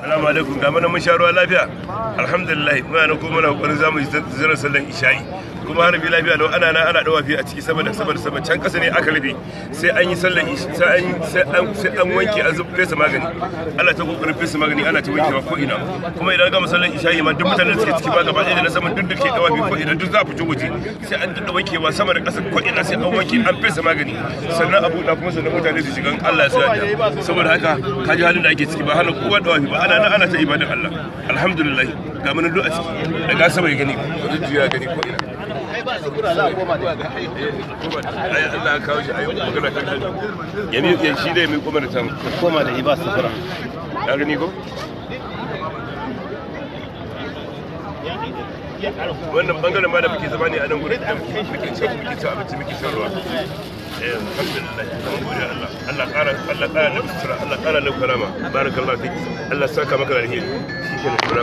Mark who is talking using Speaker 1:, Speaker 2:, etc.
Speaker 1: Salamu alaikum, ga mana mun sha ruwa lafiya. Alhamdulillah, muna na ko na kokarin zamu yi zirar sallan isha'i. kuma bi lafiya lau ana nan ana fi a ciki saboda saboda saboda can kasa ne aka rufe sai an yi sallar sai an sai an wanke an zuba fesa magani Allah ta kokarin fesa magani ana ta wankewa ko ina kuma idan ga masallan yi ma duk mutanen da suke ciki ba gaba ɗaya da na saman duk da ke fi ko ina duk za a fito waje sai an dinda wankewa sama da kasa ko ina sai an wanke an fesa magani sannan abu da kuma sannan mutane su shiga Allah ya yi saboda haka ji halin da ake ciki ba hana kowa fi ba ana nan ana ta ibadan Allah alhamdulillah ga mun duk a ciki daga sama ya gani ko juya gani ko ina
Speaker 2: kuna za a koma da ga ai
Speaker 1: Allah kawo shi ai magana ta kai ya shi dai
Speaker 2: mai koma da tamu koma da ibas safara ka gani ko
Speaker 1: wannan bangaren ma da muke zama ne a nan gurin da muke cin muke cin abinci muke ruwa eh, Allah ƙara Allah ƙara Allah saka maka da